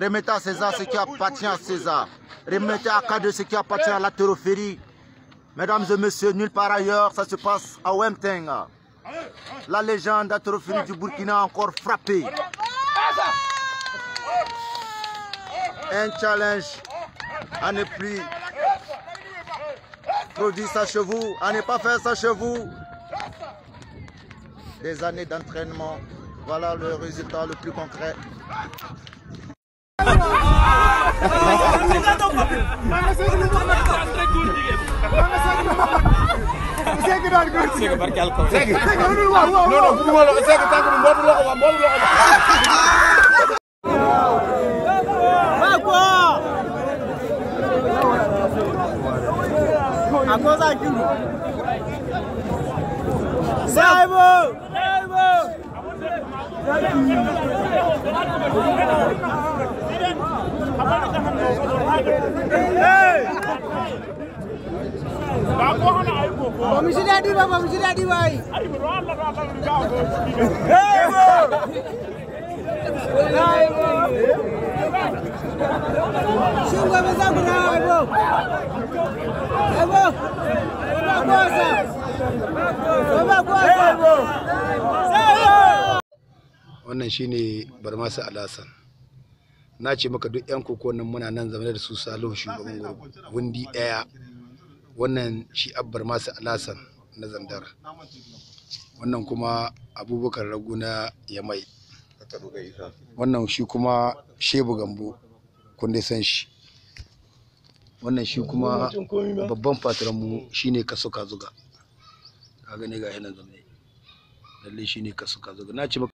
Remettez à César ce qui appartient à César. Remettez à k ce qui appartient à la terrophérie. Mesdames et messieurs, nulle part ailleurs, ça se passe à Wemtenga. La légende de la du Burkina a encore frappé. Un challenge à ne plus produire ça chez vous, à ne pas faire ça chez vous. Des années d'entraînement, voilà le résultat le plus concret. Sega barke alko. Sega. Sega lu wa wa. No no, bu wala sega tangu mbod lo wa mbod lo. Bakwa. Akoza kiru. Saibo. Saibo. ba mu ji daɗi ba shine barmasa alasan na ce maka duk 'yan koko nan muna nan zama da su salihu shugaban wundi ɗaya wannan shi abbar masu alasan na zandar wannan kuma abubakar ragu na yamai wannan shi kuma shebu gambo kun san shi wannan shi kuma babban fatiranmu shi ne kaso kazuga ka gani ga yanar zama lalle shi ne kaso zuga na ce